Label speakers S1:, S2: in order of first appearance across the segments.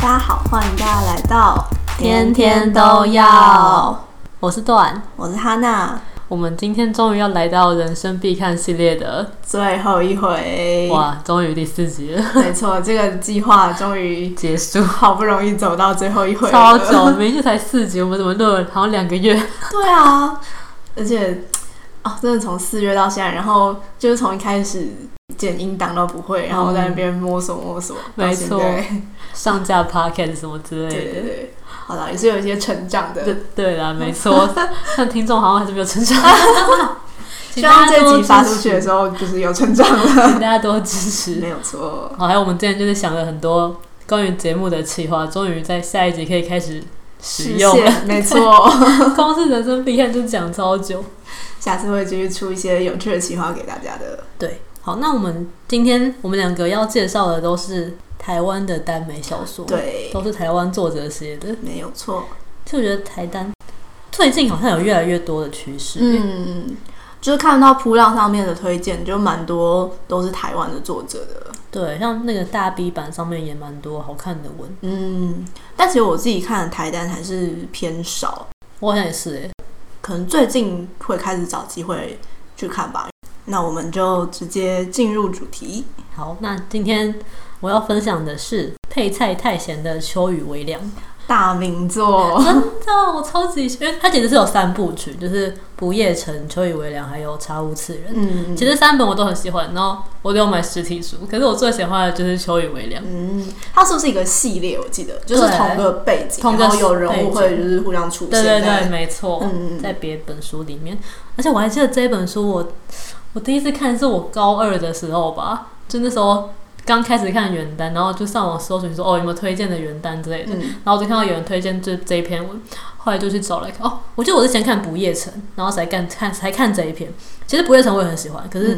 S1: 大家好，歡迎大家來到天天都要。我是段，我是哈娜，
S2: 我們今天終於要來到人生必看系列的最後一回。哇，終於第四集了。
S1: 沒錯，這個計劃終於結束，好不容易走到最後一回。超久，明
S2: 明才四集，我們怎麼錄了好像兩個月？
S1: 對啊，而且、哦、真的從四月到現在，然後就是從一開始。剪音檔都不會，然後在那邊摸索摸索、嗯。沒錯，
S2: 上架 podcast 什麼之類的。對對對，好了，也是有一些成長的。對,對啦，沒錯， 但聽眾好像還是沒有成長。
S1: 希望這一集發出去的時候，就是有成長了。
S2: 請大家多支持，沒有錯。好，還有我們之前就是想了很多關於節目的企劃，終於在下一集可以開始使用了。沒錯，
S1: 光 是對 人生必看就講超久，下次會繼續出一些有趣的企劃給大家的。對。好，那我們今天
S2: 我們兩個要介紹的都是台灣的耽美小說，對，都是台灣作者
S1: 寫的，沒有錯。其實我覺得台耽最近好像有越來越多的趨勢，嗯，就是看到噗浪上面的推薦，就蠻多都是台灣的作者的，
S2: 對，像那個大 B 版，上面也蠻多好看的文，
S1: 嗯，但其實我自己看的台耽還是偏少，我好像也是，可能最近會開始找機會去看吧。那我們就直接進入主題。
S2: 好，那今天我要分享的是《配菜太鹹的秋雨微涼》，大名作，嗯、真的，我超級喜歡。它其實是有三部曲，就是《不夜城》《秋雨微涼》還有《查無此人》嗯嗯。嗯其實三本我都很喜歡。然後我都有買實體書，可是我最喜歡的就是《秋雨微涼》。嗯，
S1: 它是不是一個系列？我記得就是同個背景，同個有人物會就是互相出現對對對，對沒錯。嗯，嗯，在
S2: 別本書裡面，而且我還記得這一本書我我第一次看是我高二的時候吧，就那時候剛開始看原耽，然後就上網搜索，說哦，有沒有推薦的原耽之類的，嗯、然後我就看到有人推薦就這一篇文，後來就去找了看。哦，我記得我是先看《不夜城》，然後才看才看這一篇。其實《不夜城》我也很喜歡，可是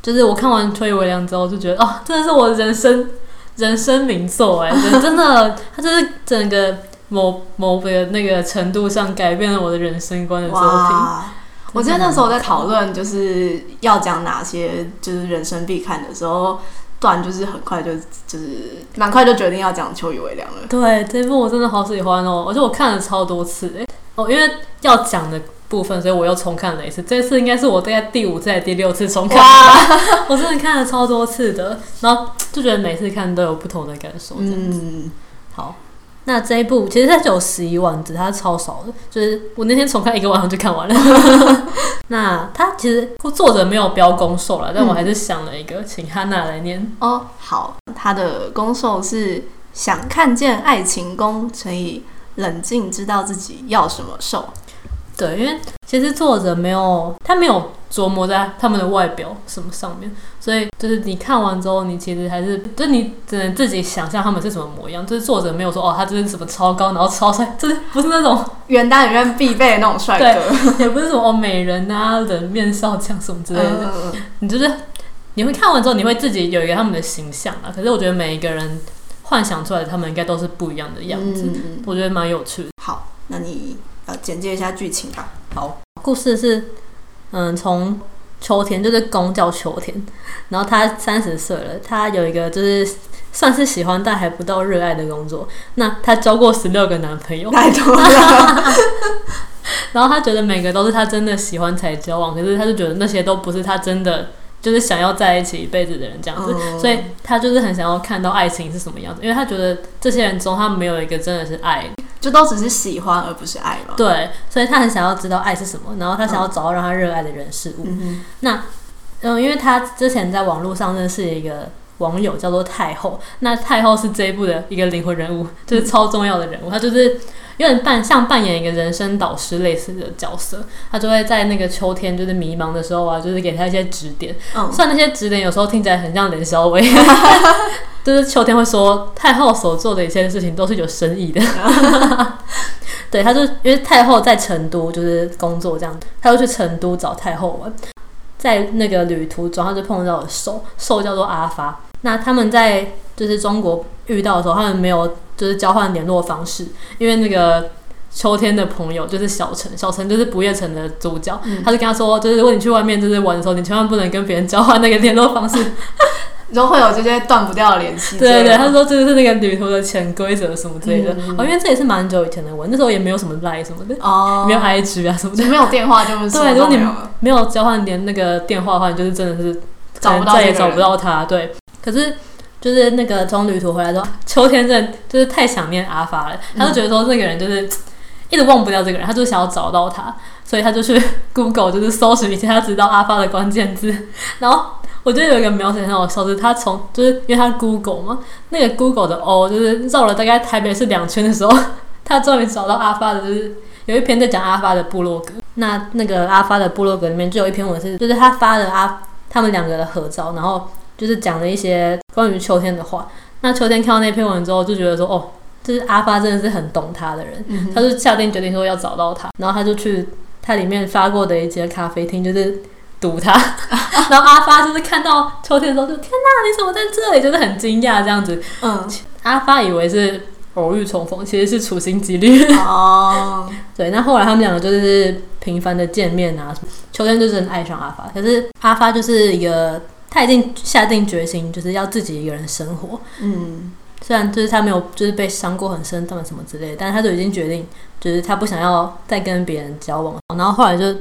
S2: 就是我看完秋雨微涼之後就覺得、嗯、哦，真的是我的人生人生名作哎、欸，真的， 它就是整個某某個那個程度上改變了我的人生觀的作品。我記得那時候我在討
S1: 論就是要講哪些，就是人生必看的時候，突然就是很快就就是蠻快就決定要講《秋雨微涼》了。
S2: 對，這一部我真的好喜歡哦，而且我看了超多次誒、欸，哦，因為要講的部分，所以我又重看了一次。這次應該是我大概第五次、第六次重看， 我真的看了超多次的，然後就覺得每次看都有不同的感受。嗯，好。那這一部其實它只有十一萬字，它超少的，就是我那天重看一個晚上就看完了。 那它其實作者沒有標攻受啦，但我還是想了一個，請哈娜來念
S1: 哦。好，他的攻受是想看見愛情攻，乘以冷靜知道自己要什麼受。對，因為其實作者沒
S2: 有，他沒有琢磨在他們的外表什麼上面，所以就是你看完之後，你其實還是，就你只能自己想象他們是什麼模樣。就是作者沒有說哦，他就是什麼超高，然後超帥，就是不是那種原耽原必備的那種帥哥，對，也不是什麼美人啊，人面少將什麼之類的。你就是你會看完之後，你會自己有一個他們的形象啊。可是我覺得每一個人幻想出來的他們應該都是不一樣的樣子，嗯、我覺得蠻有趣。好。那你呃，簡介一下劇情吧。好，故事是，嗯，從秋天，就是攻叫秋天，然後他三十歲了，他有一個就是算是喜歡但還不到熱愛的工作。那他交過十六個男朋友，太多了。 然後他覺得每個都是他真的喜歡才交往，可是他就覺得那些都不是他真的。就是想要在一起一輩子的人這樣子、哦，所以他就是很想要看到愛情是什麼樣子，因為他覺得這些人中他沒有一個真的是愛的，就都只是喜歡而不是愛嘛。對，所以他很想要知道愛是什麼，然後他想要找到讓他熱愛的人事物、嗯嗯。那，嗯，因為他之前在網絡上認識一個網友叫做太後，那太後是這一部的一個靈魂人物，就是超重要的人物，嗯、他就是。有點扮像扮演一個人生導師類似的角色，他就會在那個秋天就是迷茫的時候啊，就是給他一些指點、嗯。雖然那些指點有時候聽起來很像林小薇， 但是就是秋天會說太后所做的一些事情都是有深意的。啊、 對，他就因為太後在成都就是工作這樣，他就去成都找太后玩，在那個旅途中他就碰到了獸獸叫做阿發。那他們在就是中國遇到的時候，他們沒有。就是交換聯絡方式，因為那個秋天的朋友就是小陳。小陳就是不夜城的主角、嗯，他就跟他說，就是如果你去外面就是玩的時候，你千萬不能跟別人交換那個聯絡方式，你
S1: 就會有這些斷不掉的聯繫。對對，對、啊、他說
S2: 這就是那個旅途的潛規則什麼之類的。嗯、哦，因為這也是蠻久以前的文，那時候也沒有什麼 Line 什麼的，哦、沒有 I G 啊什麼的，沒有電話就是沒有對，如、就、果、是、你沒有交換連那個電話的話，你就是真的是找不
S1: 到再也找不到
S2: 他。對，可是。就是那個從旅途回來之後，秋天真的就是太想念阿發了、嗯。他就覺得說，那個人就是一直忘不掉這個人，他就想要找到他，所以他就去 Google 就是搜尋一下，他知道阿發的關鍵字。然後我就有一個描寫很好笑是他從就是因為他 Google 嘛，那個 Google 的 O 就是繞了大概台北市兩圈的時候，他終於找到阿發的，就是有一篇在講阿發的部落格。那那個阿發的部落格裡面，就有一篇文字，就是他發了阿他們兩個的合照，然後。就是講了一些關於秋天的話。那秋天看到那篇文之後，就覺得說：“哦，就是阿發真的是很懂他的人。嗯”他就下定決定說要找到他，然後他就去他裡面發過的一間咖啡廳，就是堵他。啊、 然後阿發就是看到秋天的時候，就天哪，你怎麼在這裡？就是很驚訝這樣子。嗯，阿發以為是偶遇重逢，其實是處心積慮。哦， 對。那後來他們兩個就是頻繁的見面啊，秋天就是很愛上阿發，可是阿發就是一個。他已經下定決心，就是要自己一個人生活。嗯，雖然就是他沒有，就是被傷過很深，或者什麼之類的，但是他都已經決定，就是他不想要再跟別人交往。然後後來就，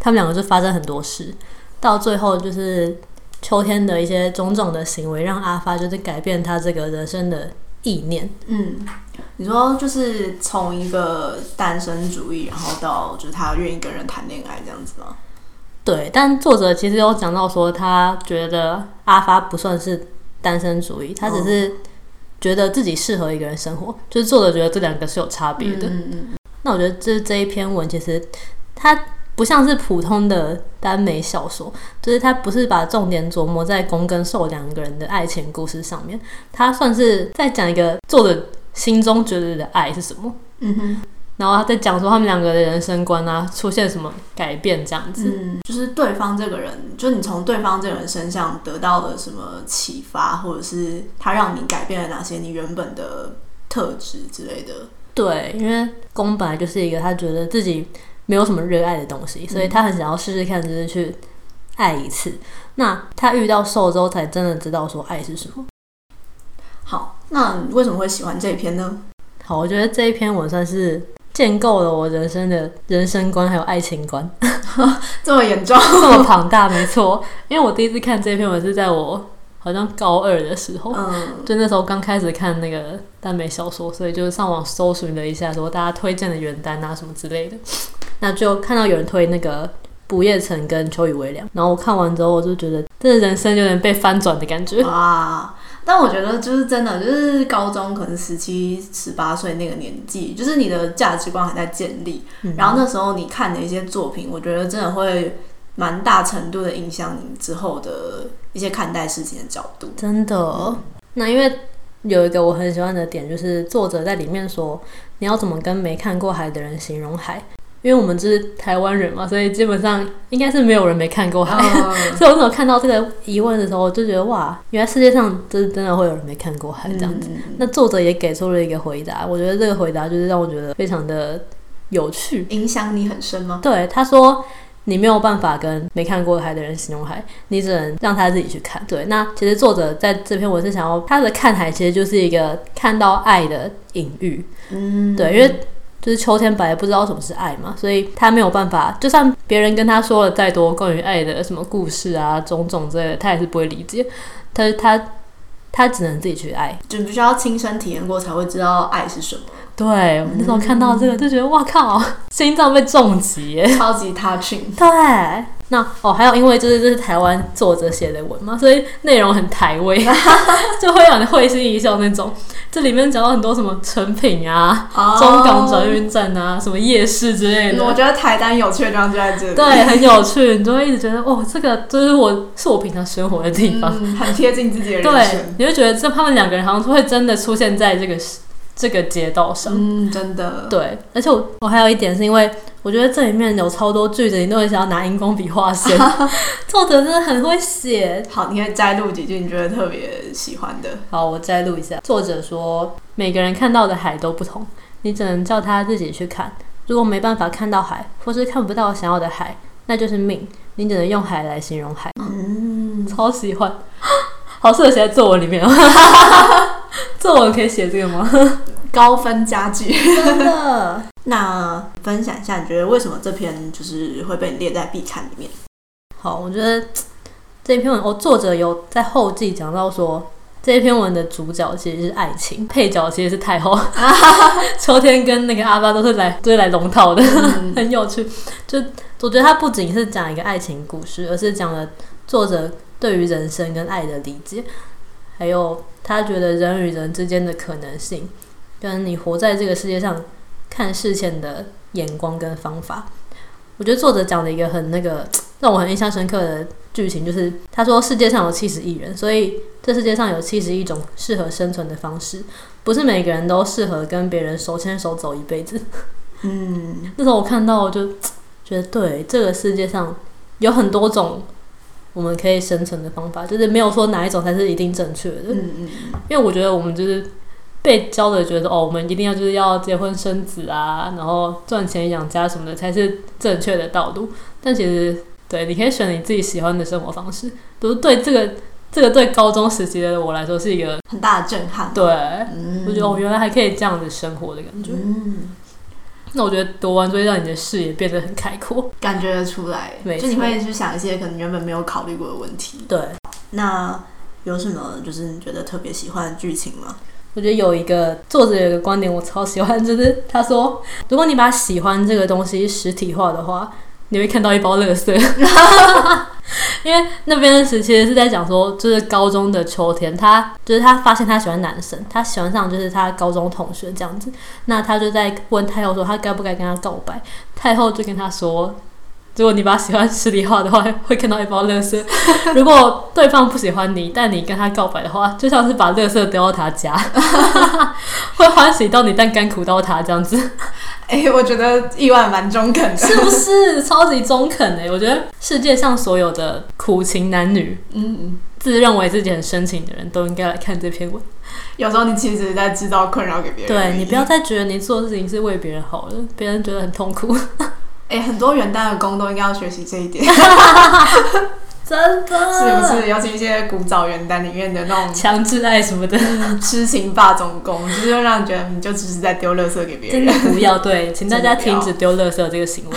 S2: 他們兩個就發生很多事，到最後就是秋天的一些種種的行為，讓阿發就是改變他這個人生的意念。
S1: 嗯，你說就是從一個單身主義，然後到就是他願意跟人談戀愛這樣子嗎？
S2: 對，但作者其實有講到說，他覺得阿發不算是單身主義，他只是覺得自己適合一個人生活。哦、就是作者覺得這兩個是有差別的。嗯嗯，嗯。那我覺得這這一篇文其實，它不像是普通的耽美小說，就是它不是把重點琢磨在攻跟受兩個人的愛情故事上面，它算是在講一個作者心中覺得的愛是什麼。嗯哼。然後他在講說他們兩個的人生觀啊，出現什麼改變這樣子，嗯、
S1: 就是對方這個人，就是你從對方這個人身上得到了什麼啟發，或者是他讓你改變了哪些你原本的特質之類的。
S2: 對，因為宮本來就是一個他覺得自己沒有什麼熱愛的東西，所以他很想要試試看，就是去愛一次。嗯、那他遇到獸之後，才真的知道說愛是什麼。好，那為什麼會喜歡這一篇呢？好，我覺得這一篇我算是。建構了我人生的人生觀，還有愛情觀，這麼嚴重，這麼龐 大，沒錯。因為我第一次看這篇文是在我好像高二的時候，嗯、就那時候剛開始看那個耽美小說，所以就是上網搜尋了一下，說大家推薦的原耽啊什麼之類的，那就看到有人推那個《不夜城》跟《秋雨微涼》，然後我看完之後，我就覺得這人生有點被翻轉的感覺哇。
S1: 但我覺得就是真的，就是高中可能十七、十八歲那個年紀，就是你的價值觀還在建立、嗯啊。然後那時候你看的一些作品，我覺得真的會蠻大程度的影響你之後的一些看待事情的角度。真
S2: 的，那因為有一個我很喜歡的點，就是作者在裡面說，你要怎麼跟沒看過海的人形容海？因為我們是台灣人嘛，所以基本上應該是沒有人沒看過海。Oh, 所以，我看到這個疑問的時候，我就覺得哇，原來世界上真的真的會有人沒看過海這樣子、嗯。那作者也給出了一個回答，我覺得這個回答就是讓我覺得非常的有趣。影響你很深嗎？對，他說你沒有辦法跟沒看過海的人形容海，你只能讓他自己去看。對，那其實作者在這篇文是想要他的看海，其實就是一個看到愛的隱喻。嗯，對，因為。就是秋天本來不知道什麼是愛嘛，所以他沒有辦法，就算別人跟他說了再多關於愛的什麼故事啊、種種之類的，他也是不會理解。他他他只能自己去愛，就必須要親身體驗過才會知道愛是什麼。對，我們那時候看到這個就覺得、嗯、哇靠，心臟被重擊耶，超級 touching。對，那哦還有因為就是這、就是台灣作者寫的文嘛，所以內容很台味， 就會讓你會心一笑那種。這裡面講到很多什麼成品啊、oh, 中港轉運站啊、什麼夜市之類的。我覺
S1: 得台耽有趣的地方就在這裡，對，很有
S2: 趣，你就會一直覺得哦，這個就是我，是我平常生活的地方，嗯、很
S1: 貼近自己的人生。
S2: 對，你會覺得這他們兩個人好像會真的出現在這個。這個街道上，嗯，真的，對，而且我我還有一點是因為我覺得這裡面有超多句子，你都會想要拿熒光筆畫線， 作者真的很會寫。好，你可以摘錄幾句你覺得特別喜歡的。好，我摘錄一下，作者說：“每個人看到的海都不同，你只能叫他自己去看。如果沒辦法看到海，或是看不到想要的海，那就是命。你只能用海來形容海。”嗯，超喜歡， 好適合寫在作文裡面。
S1: 作文可以寫這個嗎？高分佳句，真的。 那分享一下，你覺得為什麼這篇就是會被你列在必看裡面？好，我覺得這篇文，我、哦、作者有在後記講到說，
S2: 這篇文的主角其實是愛情，配角其實是太後。 秋天跟那個阿巴都是來追來龍套的，嗯、 很有趣。就我覺得它不僅是講一個愛情故事，而是講了作者對於人生跟愛的理解。還有，他覺得人與人之間的可能性，跟、就是、你活在這個世界上看事情的眼光跟方法，我覺得作者講了一個很那個讓我很印象深刻的劇情，就是他說世界上有七十億人，所以這世界上有七十億種適合生存的方式，不是每個人都適合跟別人手牽手走一輩子。嗯， 那時候我看到我就覺得，對，這個世界上有很多種。我們可以生存的方法，就是沒有說哪一種才是一定正確的。嗯嗯嗯，因為我覺得我們就是被教的，覺得哦，我們一定要就是要結婚生子啊，然後賺錢養家什麼的才是正確的道路。但其實，對你可以選你自己喜歡的生活方式，都、就是對這個這個對高中時期的我來說是一個很大
S1: 的震撼。對，
S2: 嗯、我覺得我們原來還可以這樣子生活的感覺。嗯那我覺得讀完就會讓你的視野變得很開闊，感覺得出來。沒錯，就你會
S1: 去想一些可能原本沒有考慮過的問題。對，那有什麼就是你覺得特別喜歡的劇情嗎？
S2: 我覺得有一個作者有一個觀點我超喜歡，就是他說，如果你把喜歡這個東西實體化的話。你會看到一包樂色， 因為那邊的時其實是在講說，就是高中的秋天，他就是他發現他喜歡男生，他喜歡上就是他高中同學這樣子，那他就在問太后說他該不該跟他告白，太後就跟他說。如果你把喜歡實體化的話，會看到一包垃圾。如果對方不喜歡你， 但你跟他告白的話，就像是把垃圾丟到他家， 會歡喜到你，但甘苦到他這樣子。哎、欸，我覺得意外蠻中肯的，是不是超級中肯，哎、欸？我覺得世界上所有的苦情男女，嗯，嗯嗯，自認為自己很深情的人，都應該來看這篇文。
S1: 有時候你其實是在制造困擾給別人。對，你不要再覺得你做的事情
S2: 是為別人好的，
S1: 別人覺得很痛苦。欸、很多原耽的攻都應該要學習這一點， 真的，是不是？尤其一些古早原耽裡面的那種強制愛什麼的，痴情霸總攻，就是會讓你覺得你就只是在丟垃圾給別人，不要。對，請大家停止
S2: 丟垃圾這個行為，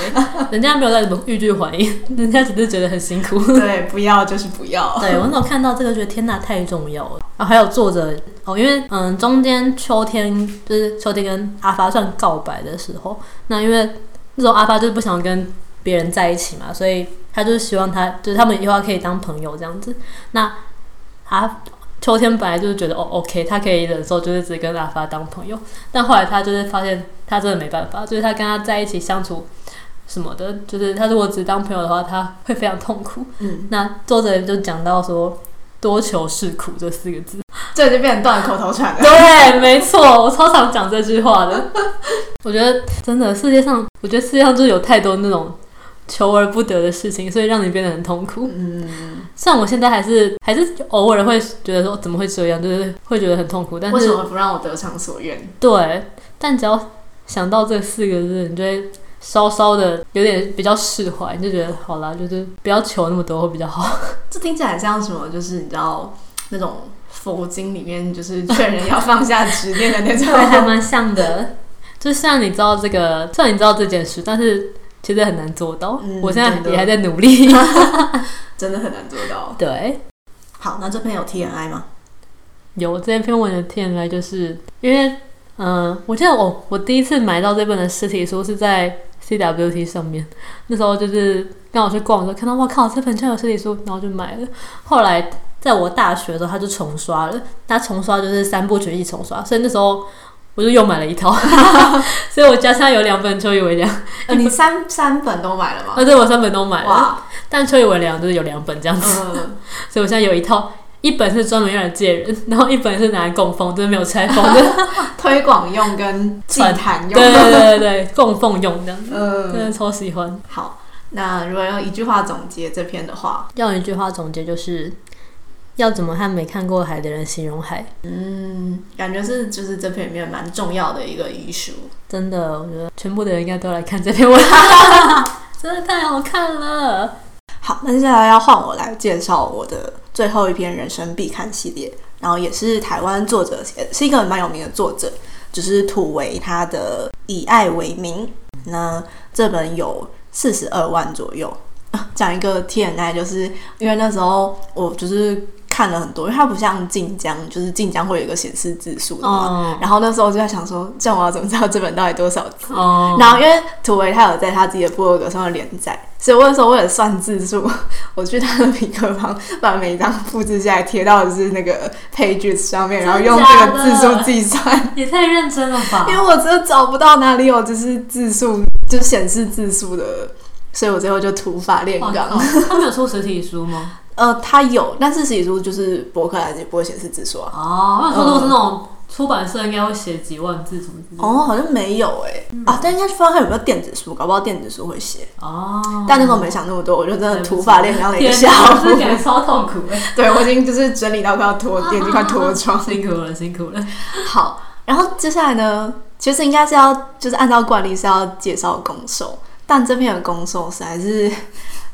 S2: 人家沒有那種欲拒還迎，人家只是覺得很辛苦。對，不要就是不要。對，我剛看到這個，覺得天吶，太重要了。啊、哦，還有作者哦，因為嗯，中間秋天就是秋天跟阿發算告白的時候，那因為。那種阿發就是不想跟別人在一起嘛，所以他就是希望他就是他們以後可以當朋友這樣子。那他秋天本來就是覺得哦，OK，他可以忍受，就是只跟阿發當朋友。但後來他就是發現他真的沒辦法，就是他跟他在一起相處什麼的，就是他如果只當朋友的話，他會非常痛苦。嗯。那作者就講到說“多求是苦”這四個
S1: 字。這就變成斷口頭
S2: 禪了。對，沒錯，我超常講這句話的。 我覺得真的，世界上，我覺得世界上就是有太多那種求而不得的事情，所以讓你變得很痛苦。嗯。像我現在還是還是偶爾會覺得說怎麼會這樣，就是會覺得很痛苦。但是為什麼不
S1: 讓我得償所願？
S2: 對，但只要想到這四個字，你就會稍稍的有點比較釋懷，你就覺得好了，就是不要求那麼多會比較好。
S1: 這聽起來像什麼？就是你知道那種。佛經裡面就是勸人要放下執念的那種 對，還蠻像的。就
S2: 像你知道這個，雖然你知道這件事，但是其實很難做到、哦嗯。我現在也還在努力，
S1: 真的， 真的很難做到。
S2: 對，好，那這邊有 T M I 嗎？有這篇文的 T M I，就是因為，嗯、呃，我記得我我第一次買到這本的實體書是在 C W T 上面，那時候就是剛好去逛的時候，看到看我靠，這本真的有實體書，然後就買了。後來。在我大學的時候，他就重刷了。他重刷就是三部曲一重刷，所以那時候我就又買了一套， 所以我家現在有兩本秋雨微涼，
S1: 呃。你三三本都買了嗎、啊？
S2: 對，我三本都買了。但秋雨微涼就是有兩本這樣子、
S1: 嗯，
S2: 所以我現在有一套，一本是專門用來借人，然後一本是拿來供奉，就是沒有拆封的
S1: 推廣用跟祭壇用的。對對對對，供奉用的嗯，真的超喜歡。好，那如果要一句話總結這篇的話，
S2: 要一句話總結就是。要怎麼和沒看過海的人形容海？嗯，
S1: 感覺是就是這篇裡面蠻重要的一個遺書。真的，我覺得全部的人應該都來看這篇文， 真的太好看了。好，那接下來要換我來介紹我的最後一篇人生必看系列，然後也是台灣作者寫，是一個蠻有名的作者，只，就是土為他的《以愛為名》。那這本有四十二萬左右，講、啊、一個天愛，就是因為那時候我就是。看了很多，因為它不像晉江，就是晉江會有一個顯示字數的、嗯。然後那時候我就在想說，這樣我要怎麼知道這本到底多少字、嗯？然後因為土味他有在他自己的部落格上面連載，所以我那時候為了算字數。我去他的痞客邦，把每一張複製下來貼到的就是那個 pages 上面，然後用這個字數計算。也太認真了吧！因為我真的找不到哪裡有就是字數就是顯示字數的，所以我最後就土法煉鋼。他沒
S2: 有出實體書嗎？
S1: 呃，他有，但是實體書就是博客來不會顯示字數啊。哦，那如果是那
S2: 種出版社，應該會寫幾萬字
S1: 什麼？哦，好像沒有誒、欸、嗯、啊，但應該是不知道他有沒有電子書，搞不好電子書會寫哦。但那時候沒想那麼多，我就真的土法煉鋼了一個下午，超痛苦，欸 超痛苦欸。對，我已經就是整理到快要脫，電，就快脫窗、啊，辛苦了，辛苦了。好，然後接下來呢，其實應該是要就是按照慣例是要介紹攻受，但這邊的攻受是還是。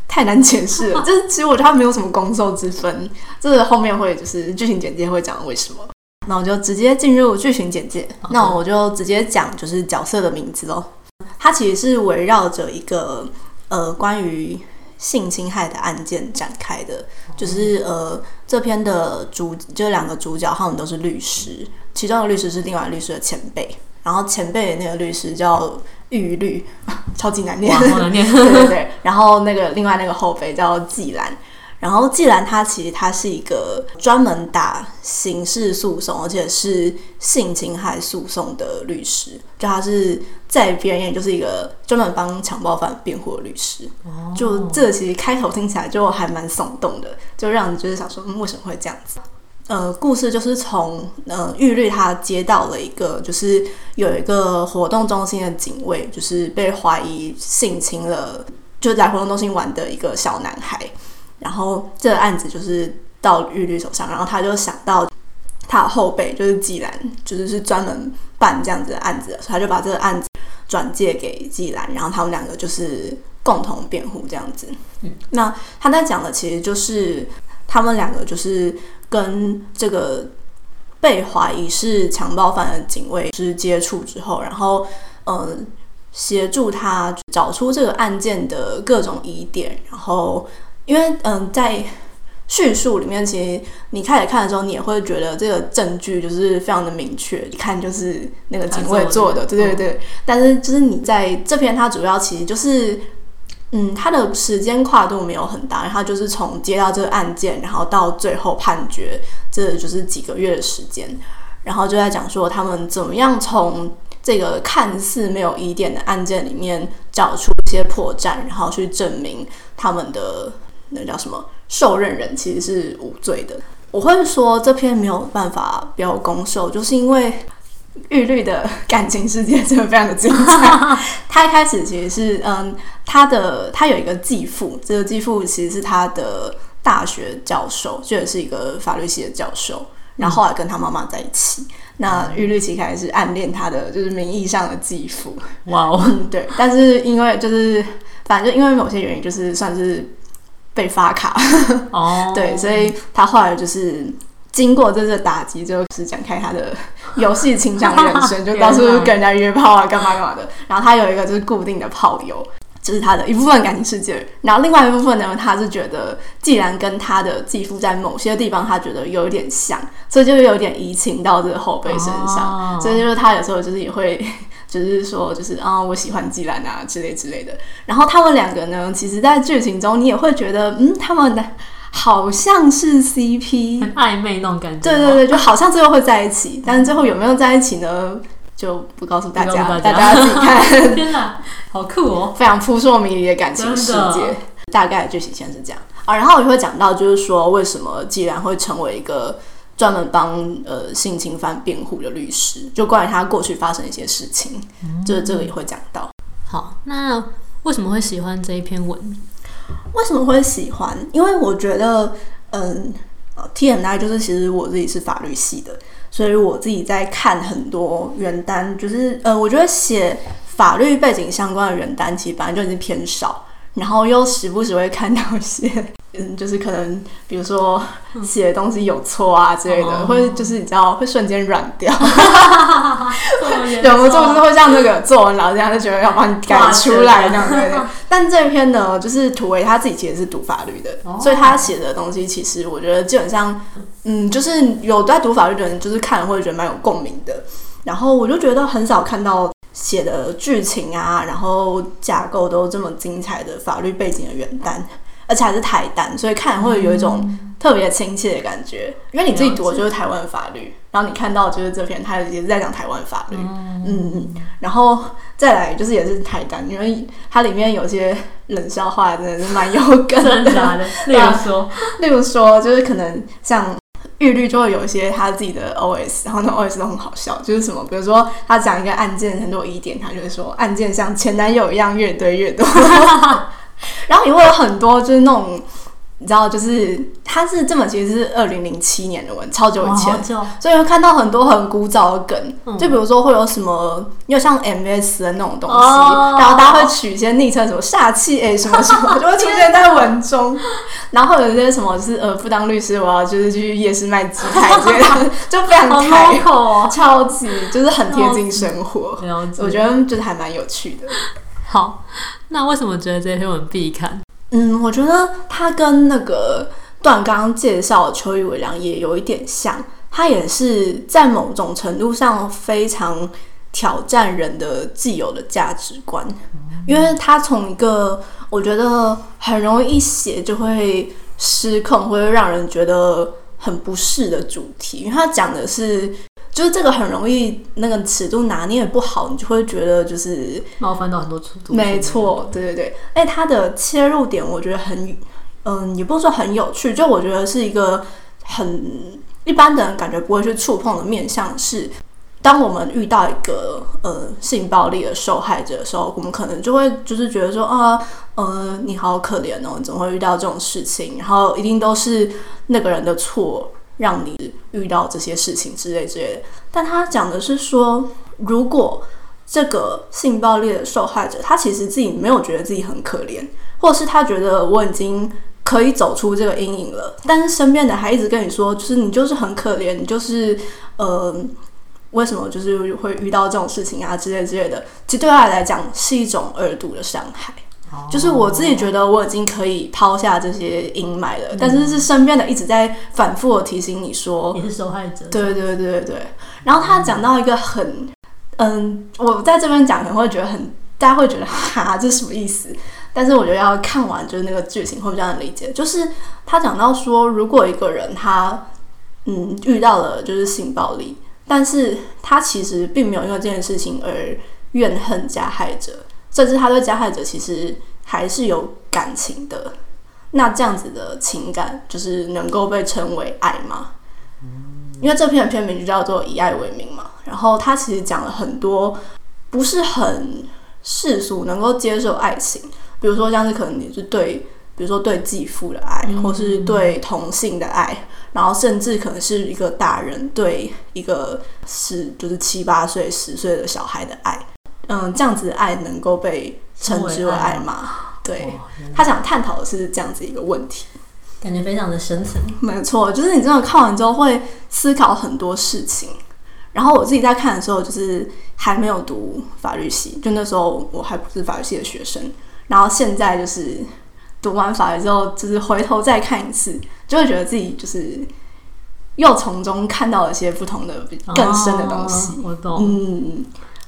S1: 太難解釋了， 就是其實我覺得他沒有什麼攻受之分，這是後面會就是劇情簡介會講為什麼。那我就直接進入劇情簡介，哦，那我就直接講就是角色的名字嘍。它其實是圍繞着一個呃關於性侵害的案件展開的，就是呃這篇的主就兩個主角，他們都是律師，其中的律師是另外律師的前輩，然後前輩的那個律師叫，玉律超級難念，念 對，對，對，然後那個另外那個後輩叫季蘭，然後季蘭他其實他是一個專門打刑事訴訟，而且是性侵害訴訟的律師。就他是在別人眼裡就是一個專門幫強暴犯辯護的律師。就這其實開頭聽起來就還蠻聳動的，就讓人就是想說，嗯，為什麼會這樣子？呃，故事就是從呃玉律他接到了一個，就是有一個活動中心的警衛，就是被懷疑性侵了，就在活動中心玩的一個小男孩。然後這個案子就是到玉律手上，然後他就想到他的後輩就是紀然，就是是專門辦這樣子的案子了，所以他就把這個案子轉介給紀然，然後他們兩個就是共同辯護這樣子。嗯，那他在講的其實就是他們兩個就是。跟這個被懷疑是強暴犯的警衛師接觸之後，然後，嗯，協助他找出這個案件的各種疑點。然後，因為，嗯，在敘述裡面，其實你開始看的時候，你也會覺得這個證據就是非常的明確，一看就是那個警衛做的、嗯，對對對。但是，就是你在這篇，它主要其實就是。嗯，他的時間跨度沒有很大，他就是從接到這個案件，然後到最後判決，這就是幾個月的時間。然後就在講說他們怎麼樣從這個看似沒有疑點的案件裡面找出一些破綻，然後去證明他們的那叫什麼受任人其實是無罪的。我會說這篇沒有辦法標攻受，就是因為。玉律的感情世界真的非常的精彩。他一開始其實是，嗯，他的他有一個繼父，這個繼父其實是他的大學教授，這也是一個法律系的教授。然後後來跟他媽媽在一起，嗯、那玉律其實開始暗戀他的就是名義上的繼父。哇、wow. 哦、嗯，對，但是因為就是反正就因為某些原因，就是算是被發卡哦，oh.
S2: 對，
S1: 所以他後來就是。經過這次打擊，就是展開他的遊戲傾向人生， 就到處跟人家約炮啊，幹嘛幹嘛的。然後他有一個就是固定的炮友，就是他的一部分感情世界。然後另外一部分呢，他是覺得既然跟他的繼父在某些地方他覺得有點像，所以就是有點移情到這個後輩身上、哦，所以就是他有時候就是也會就是說就是啊、哦，我喜歡既然啊之類之類的。然後他們兩個呢，其實，在劇情中你也會覺得，嗯，他們的。好像是 CP，很
S2: 曖昧那種感
S1: 覺。對對對，就好像最後會在一起，但是最後有沒有在一起呢？就不告訴大家，不不，大家自己看。 天哪、啊，好酷哦！非常撲朔迷離的感情世界，大概劇情先是這樣啊。然後我就會講到，就是說為什麼既然會成為一個專門幫呃性侵犯辯護的律師，就關於他過去發生一些事情，嗯、就這這個也會講到。好，那為什麼會喜歡這一篇文？為什麼會喜歡？因為我覺得，嗯、呃、，TMI 就是其實我自己是法律系的，所以我自己在看很多原耽，就是呃，我覺得寫法律背景相關的原耽，其實反正就已經偏少，然後又時不時會看到一些。嗯，就是可能比如說寫的東西有錯啊之類的，會、oh. 就是你知道會瞬間軟
S2: 掉，軟了之後會
S1: 像這、那個作文 老師一樣就覺得要幫你改出來這樣對 但這篇呢，就是土為他自己其實是讀法律的，oh. 所以他寫的東西其實我覺得基本上，嗯，就是有在讀法律的人就是看了會覺得蠻有共鳴的。然後我就覺得很少看到寫的劇情啊，然後架構都這麼精彩的法律背景的原耽。Oh. 而且還是台耽，所以看會有一種特別親切的感覺，嗯。因為你自己讀的就是台灣法律，然後你看到就是這篇，他也是在講台灣法律。嗯嗯。然後再來就是也是台耽，因為它裡面有些冷笑話真的是蠻有梗的，的。例如說，對，例如說就是可能像玉律就會有一些他自己的 OS，然後那 OS 都很好笑。就是什麼，比如說他講一個案件很多疑點，他就會說案件像前男友一樣越堆越多。 然後也會有很多，就是那種你知道，就是它是這本，其實是二零零七年的文，超久以前，哦好久，所以會看到很多很古早的梗。嗯、就比如說會有什麼，因為像 MS 的那種東西，哦，然後大家會取一些昵稱，什麼煞氣哎，什麼 什麼就會出現在文中。然後有些什麼就是呃，不當律師，我要就是去夜市賣雞排，這 樣 就非常 local，哦，超級就是很貼近生活。我覺得就是還蠻有趣的。
S2: 好。那為什麼覺得這篇文必看？
S1: 嗯，我覺得他跟那個段剛剛介紹的秋雨微涼也有一點像，他也是在某種程度上非常挑戰人的既有的價值觀，因為他從一個我覺得很容易一寫就會失控或者讓人覺得很不適的主題，因為他講的是。就是這個很容易那個尺度拿捏得不好，你就會覺得就是冒犯到很多沒錯，對對對。哎，它的切入點我覺得很，嗯、呃，也不是說很有趣，就我覺得是一個很一般的人感覺不會去觸碰的面向。是，當我們遇到一個呃性暴力的受害者的時候，我們可能就會就是覺得說啊，呃，你好可憐哦，你怎麼會遇到這種事情？然後一定都是那個人的錯。讓你遇到這些事情之類之類的，但他講的是說，如果這個性暴力的受害者，他其實自己沒有覺得自己很可憐，或者是他覺得我已經可以走出這個陰影了，但是身邊的還一直跟你說，就是你就是很可憐，你就是嗯、呃，為什麼就是會遇到這種事情啊之類之類的，其實對他來講是一種二度的傷害。就是我自己覺得我已經可以拋下這些陰霾了，嗯、但是是身邊的一直在反覆的提醒你說你是受害者是是。對對對對對，然後他講到一個很，嗯，我在這邊講可能會覺得很，大家會覺得哈這什麼意思？但是我覺得要看完，就是那個劇情會比較能理解。就是他講到說，如果一個人他嗯遇到了就是性暴力，但是他其實並沒有因為這件事情而怨恨加害者。甚至他對加害者其實還是有感情的，那這樣子的情感就是能夠被稱為愛嗎？因為這篇的篇名就叫做《以愛為名》嘛。然後他其實講了很多不是很世俗能夠接受愛情，比如說像是，可能你是對，比如說對繼父的愛，或是對同性的愛，然後甚至可能是一個大人對一個十就是七八歲十歲的小孩的愛。嗯，這樣子的愛能夠被稱之為愛嗎？哦、對、哦，他想探討的是這樣子一個問題，感覺非常的深層。沒錯，就是你真的看完之後會思考很多事情。然後我自己在看的時候，就是還沒有讀法律系，就那時候我還不是法律系的學生。然後現在就是讀完法律之後，就是回頭再看一次，就會覺得自己就是又從中看到了一些不同的、更深的東西。哦、我懂，嗯。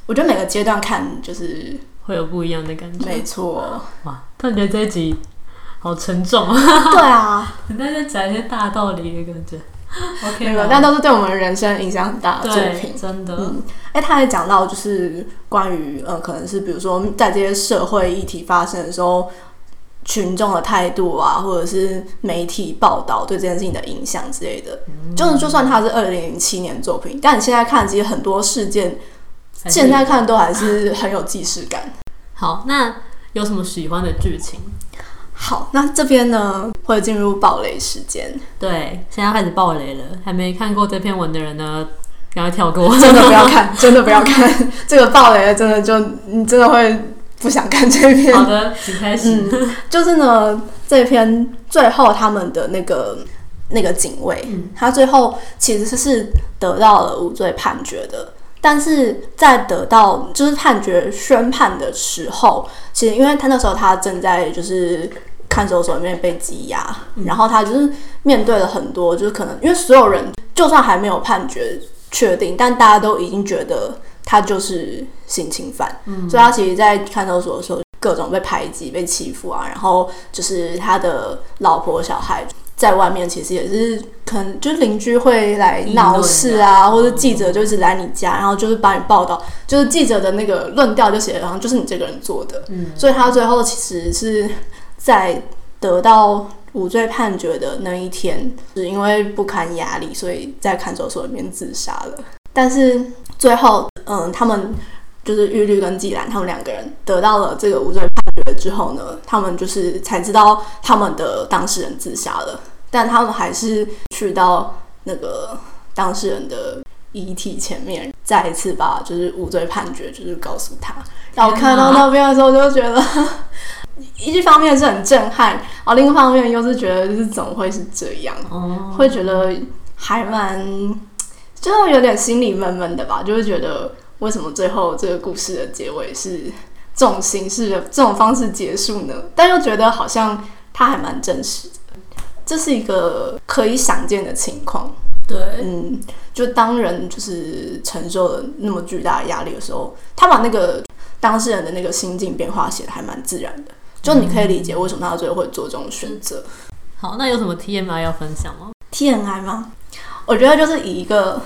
S1: 我覺得每個階段看就是會
S2: 有不一樣的感覺，沒錯、啊。哇，突然覺得這一集好沉重啊！對啊，大家講一些大道理，的感覺 OK 嗎、哦？但都是對我
S1: 們人生影響很大的作品，真的。哎、嗯，他也講到就是關於呃，可能是比如說在這些社會議題發生的時候，群眾的態度啊，或者是媒體報道對這件事情的影響之類的。就、嗯、是就算他是二零零七年作品，但你現在看其實很多事件。現在看都還是很有既視感，
S2: 啊。好，那有什麼喜歡的劇情？
S1: 好，那這邊呢會進入暴雷時間。
S2: 對，現在開始暴雷了。還沒看過這篇文的人呢，趕快跳過。真的不要看，真的不要看。
S1: 這個暴雷了，真的就你真的會不想看這篇。好的，請開始，嗯。就是呢，這篇最後他們的那個那個警衛，嗯，他最後其實是是得到了無罪判決的。但是在得到就是判決宣判的時候，其實因為他那時候他正在就是看守所裡面被羈押，然後他就是面對了很多，就是可能因為所有人就算還沒有判決確定，但大家都已經覺得他就是性侵犯，嗯嗯，所以他其實在看守所的時候各種被排擠、被欺負啊，然後就是他的老婆、小孩，在外面其實也是，可能就是鄰居會來鬧事啊，或者記者就是來你家、嗯，然後就是把你報道，就是記者的那個論調就寫，然後就是你這個人做的。嗯，所以他最後其實是，在得到無罪判決的那一天，是因為不堪壓力，所以在看守所裡面自殺了。但是最後，嗯，他們就是玉律跟紀蘭，他們兩個人得到了這個無罪判決。之後呢，他們就是才知道他們的當事人自殺了，但他們還是去到那個當事人的遺體前面，再一次把就是無罪判決就是告訴他。然後，看到那邊的時候，就覺得 一,一方面是很震撼，而另一方面又是覺得就是怎麼會是這樣，會覺得還蠻就是有點心裡悶悶的吧，就會、是、覺得為什麼最後這個故事的結尾是。這種形式、這種方式結束呢？但又覺得好像他還蠻真實的，這是一個可以想見的情況。對，嗯，就當人就是承受了那麼巨大的壓力的時候，他把那個當事人的那個心境變化寫得還蠻自然的，嗯，就你可以理解為什麼他最後會做這種選擇。
S2: 好，那有什麼 TMI 要分享嗎
S1: ？TMI 嗎？我覺得就是以一個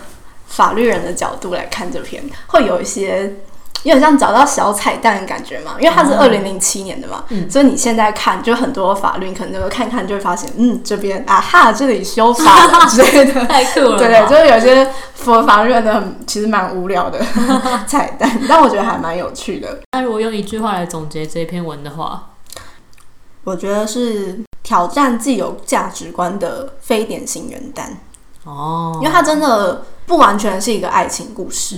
S1: 法律人的角度來看這篇，會有一些。有點像找到小彩蛋的感覺嘛，因為它是二零零七年的嘛、嗯，所以你現在看就很多法律，可能都看看就會發現，嗯，這邊啊哈這裡修法之類的， 對,對,對,太酷了對,對對，就是有些佛法院的其實蠻無聊的彩蛋，但我覺得還蠻有趣的。那 如果
S2: 用一句話來總結這篇文的話，
S1: 我覺得是挑戰既有價值觀的非典型原耽
S2: 哦，因為它
S1: 真的。不完全是一個愛情故事，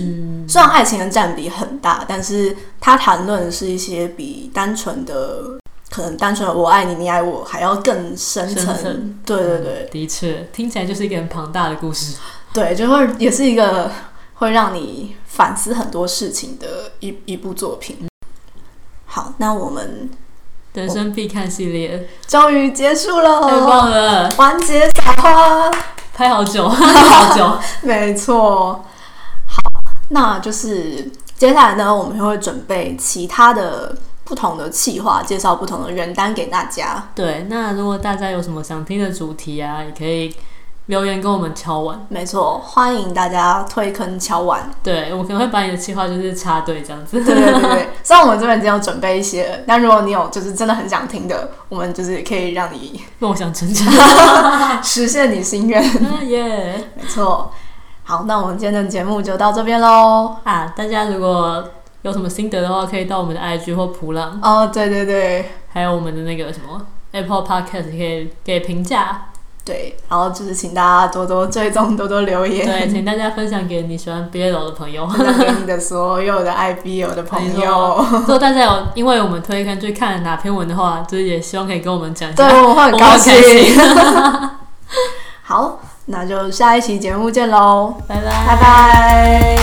S1: 雖然愛情的占比很大，但是他談論是一些比單純的可能單純的我愛你你愛我還要更深層，
S2: 對對對，嗯，的確聽起來就是一個很龐大的故事，
S1: 對，就會也是一個會讓你反思很多事情的一一部作品。好，那我們人生必看系列終於結束
S2: 了，太棒了，完結撒花！拍好久，拍好
S1: 久， 沒錯。好，那就是接下來呢，我們會準備其他的不同的企劃，介紹不同的原單給大家。對，那如果大
S2: 家有什麼想聽的主題啊，也可以。留言跟我們敲碗，
S1: 沒錯，歡迎大家推坑敲碗。
S2: 對，我可能會把你的企劃就是插隊這樣子。對,對對對，
S1: 雖然我們這邊只有準備一些，但如果你有就是真的很想聽的，我們就是可以讓你
S2: 夢想成真，
S1: 實現你心願。耶、嗯 yeah，沒錯。好，
S2: 那我們今天的節目就到這邊嘍啊！大家如果有什麼心得的話，可以到我們的 IG 或噗浪。
S1: 哦，對對對,
S2: 對，還有我們的那個什麼 Apple Podcast 可以給評價。
S1: 對，然後就是請大家多多追蹤，多多留言。對，請大家
S2: 分享給你喜歡 BL 的朋友，分享給你
S1: 的所有的愛 BL 的朋友。
S2: 如果大家有，因為我們推看去看哪篇文的話，就是也希望可以跟我們講一下，對，我很高興。很開心
S1: 好，那就下一期節目見嘍，拜拜，拜拜。